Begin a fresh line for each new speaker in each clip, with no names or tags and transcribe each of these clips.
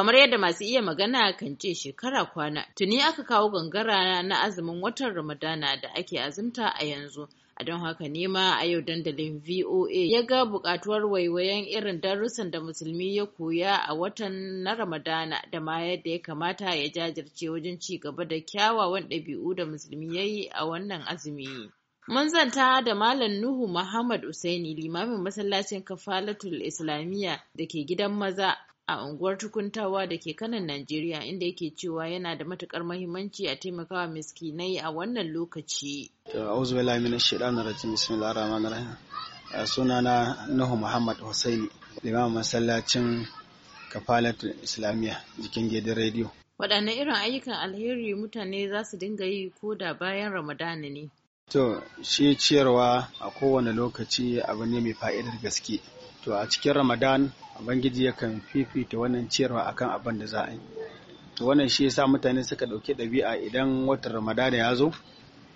Kamar yadda masu iya magana kan ce shekara kwana, tuni aka kawo gangara na azumin watan Ramadana da ake azumta a yanzu. A don haka nema a yau dandalin VOA ya ga bukatuwar waiwayen irin darussan da musulmi ya koya a watan na Ramadana da ma yadda ya kamata ya jajirce wajen ci gaba da kyawawan ɗabi'u da musulmi ya yi a wannan azumi. Mun zanta da Malam Nuhu Muhammad Usaini limamin masallacin kafalatul Islamiyya da ke gidan maza a unguwar Tukuntawa da ke kanan Najeriya inda yake cewa yana da matukar mahimmanci a taimakawa miskinai a wannan lokaci.
A'udhu billahi minash shaitanir rajim bismillahir rahmanir rahim. Sunana Nuhu Muhammad Hussaini limamin masallacin Kafalatul Islamiyya jikin gidan rediyo.
Waɗanne irin ayyukan alheri mutane za su dinga yi ko da bayan Ramadana ne?
To, shi ciyarwa a kowane lokaci abu ne mai fa'idar gaske. to a cikin ramadan Bangiji yakan fifita wannan ciyarwa akan abin da za a yi to wannan shi yasa mutane suka ɗauki ɗabi'a idan watan ramadan ya zo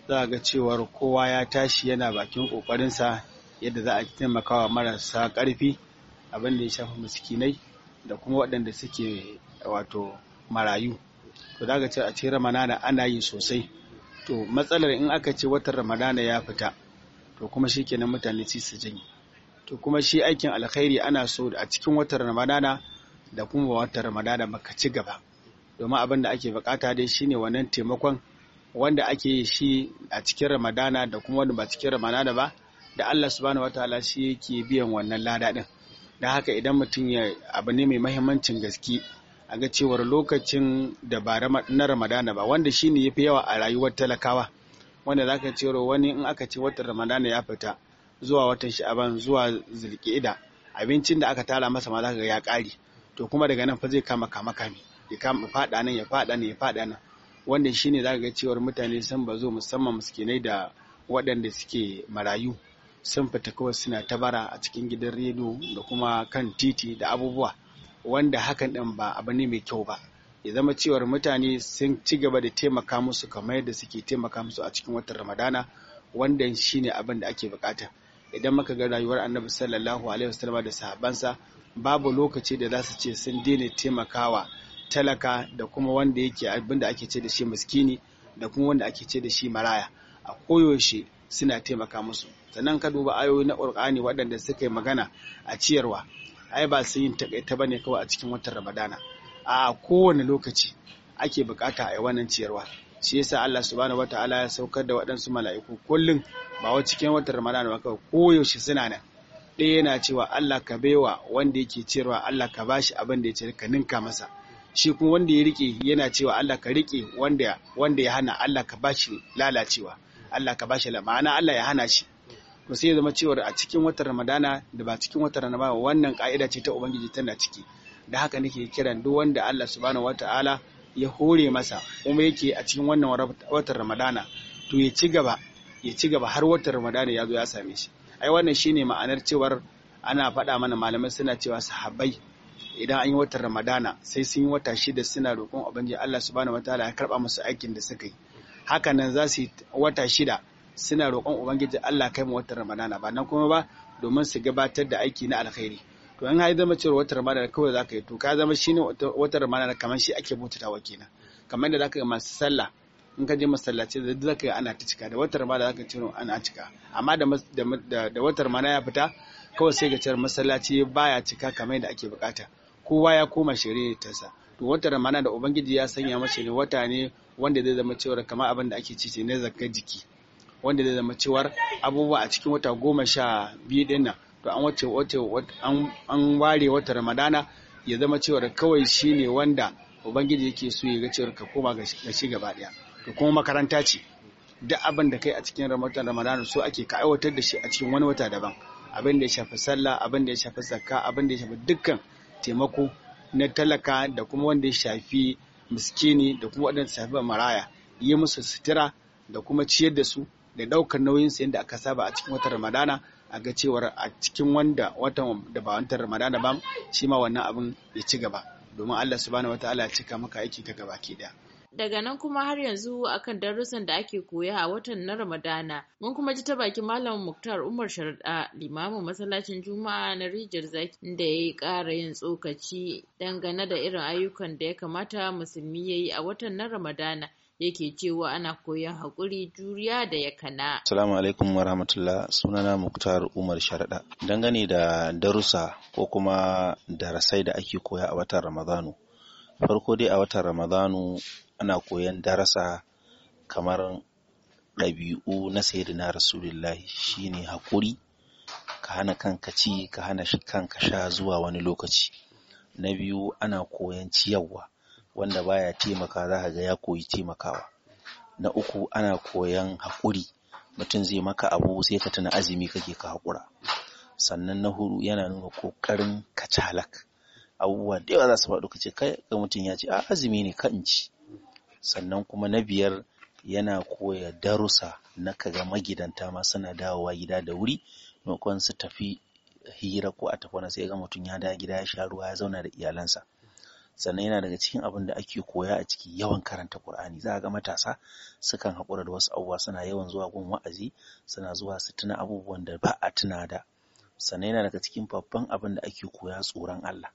za a ga cewar kowa ya tashi yana bakin ƙoƙarinsa yadda za a taimakawa marasa ƙarfi abin da ya shafi miskinai da kuma waɗanda suke wato marayu to za ga cewa a cikin Ramadan ana yi sosai to matsalar in aka ce watan Ramadan ya fita to kuma shikenan mutane su janye to kuma shi aikin alkhairi ana so a cikin watan ramadana da kuma watan ramadana baka ci gaba domin abin da ake bukata dai shine wannan taimakon wanda ake yi shi a cikin ramadana da kuma wanda ba cikin ramadana ba da Allah subhanahu wataala shi yake biyan wannan lada din da haka idan mutum ya abu ne mai mahimmancin gaske a ga cewar lokacin da ba na ramadana ba wanda shine yafi yawa a rayuwar talakawa wanda zaka cewa wani in aka ce watan ramadana ya fita zuwa watan sha'aban zuwa zulkida abincin da aka tara masa ma za ga ya ƙare to kuma daga nan fa zai kama kama kame ya kama fada nan ya fada nan ya fada nan wanda shine zaka ga cewar mutane sun bazo musamman muskinai da waɗanda suke marayu sun fita kawai suna ta bara a cikin gidan rediyo da kuma kan titi da abubuwa wanda hakan ɗin ba abu ne mai kyau ba ya zama cewar mutane sun ci gaba da taimaka musu kamar yadda suke taimaka musu a cikin watan ramadana wanda shine abin da ake bukata idan muka ga rayuwar annabi sallallahu alaihi wasallam da sahabansa babu lokaci da za su ce sun daina taimakawa talaka da kuma wanda yake abinda da ake ce da shi miskini da kuma wanda ake ce da shi maraya a koyaushe suna taimaka musu sannan ka duba ayoyi na qur'ani waɗanda suka yi magana a ciyarwa ai ba su yin takaita bane kawai a cikin watan ramadana a kowane lokaci ake bukata a yi wannan ciyarwa shi yasa Allah subhanahu wataala ya saukar da waɗansu mala'iku kullum ba wa cikin watan Ramadan ba kawai koyaushe suna nan ɗaya yana cewa Allah ka baiwa wanda yake cewa Allah ka bashi abin da ya ce ka ninka masa shi kuma wanda ya rike yana cewa Allah ka rike wanda wanda ya hana Allah ka bashi lalacewa Allah ka bashi ma'ana Allah ya hana shi to sai ya zama cewa a cikin watan Ramadana da ba cikin watan Ramadana wannan ka'ida ce ta Ubangiji tana ciki da haka nake kiran duk wanda Allah subhanahu wataala ya hore masa kuma yake a cikin wannan watan ramadana to ya ci gaba ya ci gaba har watan ramadana ya zo ya same shi ai wannan shine ma'anar cewar ana faɗa mana malamai suna cewa sahabbai idan an yi watan ramadana sai sun yi wata shida suna roƙon ubangiji Allah subhanahu wataala ya karɓa musu aikin da suka yi haka nan za su yi wata shida suna roƙon ubangiji Allah kai mu watan ramadana ba nan kuma ba domin su gabatar da aiki na alkhairi to an ya zama cewa wata ramadana kawai za ka yi to ka zama shine wata ramadana kamar shi ake wa kenan kamar da za ka yi masu sallah in ka je masallaci da za ka yi ana ta cika da wata ramadana za ka ciro ana cika amma da wata ramadana ya fita kawai sai ga cewa masallaci baya cika kamar da ake bukata kowa ya koma ta sa to wata ramana da ubangiji ya sanya masa ne wata ne wanda zai zama cewa kamar abin da ake ci ne zakar jiki wanda zai zama cewar abubuwa a cikin wata goma sha biyu din nan to an wace wace an ware wata ramadana ya zama cewar kawai shi ne wanda ubangiji yake so ya ga cewar ka koma ga shi gaba daya to kuma makaranta ce duk abin da kai a cikin ramatan ramadana so ake ka aiwatar da shi a cikin wani wata daban abin da ya shafi sallah abin da ya shafi zakka abin da ya shafi dukkan taimako na talaka da kuma wanda ya shafi miskini da kuma wanda ya shafi maraya yi musu sutura da kuma ciyar da su da ɗaukar nauyin su yadda aka saba a cikin watan ramadana a ga cewar a cikin wanda watan da ba wantar ramadana ba shi ma wannan abin ya ci gaba domin Allah subhanahu wata ya cika maka aiki ka gaba ke daya
daga nan kuma har yanzu akan darussan da ake koya a watan na ramadana mun kuma ji ta bakin malam muktar umar sharda limamin masallacin juma'a na rijiyar zaki da ya yi ƙara yin tsokaci dangane da irin ayyukan da ya kamata musulmi ya yi a watan na ramadana yake cewa ana koyon hakuri juriya da ya kana.
Assalamu alaikum wa rahmatullah sunana Muktar Umar Sharaɗa. Dangane da darussa ko kuma darasai da ake koya a watan Ramadanu. Farko dai a watan Ramadanu ana koyon darasa kamar ɗabi'u na sayyidina Rasulullahi shine haƙuri ka hana kanka ci ka hana kanka sha zuwa wani lokaci. Na biyu ana koyon ciyawa. wanda baya taimaka za ka ga ya koyi taimakawa na uku ana koyan haƙuri mutum zai maka abu sai ka tuna azumi kake ka haƙura sannan na huɗu yana nuna ƙoƙarin kacalak abubuwa da yawa za su faɗo kace kai ga mutum ya ce a azumi ne ka in ci sannan kuma na biyar yana koya darusa na kaga magidanta ma suna dawowa gida da wuri maimakon su tafi hira ko a tafi wani sai ga mutum ya da gida ya sha ruwa ya zauna da iyalansa sannan yana daga cikin abin da ake koya a ciki yawan karanta Qur'ani za a ga matasa sukan haƙura da wasu abubuwa suna yawan zuwa gun wa'azi suna zuwa su tuna abubuwan da ba a tuna da sannan yana daga cikin babban abin da ake koya tsoron Allah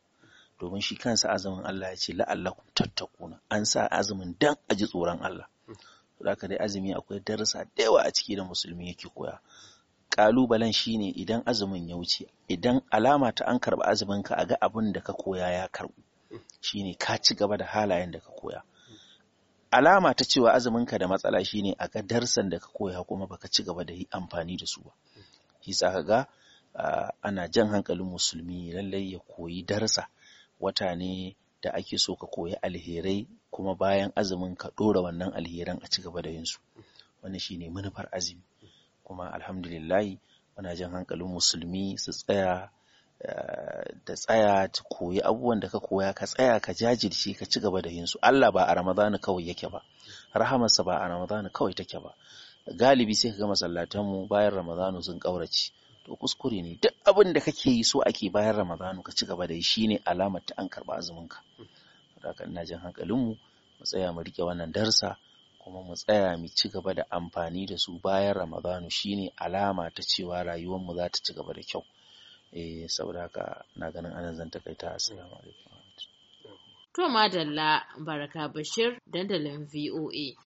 domin shi kansa azumin Allah ya ce la'allakum tattaquna an sa azumin dan a ji tsoron Allah ka dai azumi akwai darussa da yawa a ciki da musulmi yake koya kalubalen shine idan azumin ya wuce idan alama ta an karba azumin ka a ga abin da ka koya ya karbu shine ka ci gaba da halayen da ka koya alama ta cewa azuminka da matsala shine a ga darsan da ka koya kuma baka ci gaba da yi amfani da su ba shi ka ga ana jan hankalin musulmi lallai ya koyi darsa wata ne da ake so ka koyi alherai kuma bayan azumin ka ɗora wannan alheran a ci gaba da yin su wannan shine manufar azumi kuma alhamdulillahi muna jan hankalin musulmi su tsaya da tsaya ta koyi abubuwan da ka koya ka tsaya ka jajirce ka ci gaba da yin su Allah ba a Ramadan kawai yake ba rahamarsa ba a Ramadan kawai take ba galibi sai ka ga mu bayan Ramadan sun kaurace to kuskure ne duk abin da kake yi so ake bayan Ramadan ka ci gaba da yi shine alamar ta an karba azumin ka haka ina jin hankalin mu mu tsaya mu rike wannan darsa kuma mu tsaya mu ci gaba da amfani da su bayan Ramadan shine alama ta cewa rayuwar mu za ta ci gaba da kyau eh saboda haka na ganin ana zan takaita assalamu alaikum
To Madalla Baraka Bashir dandalin VOA.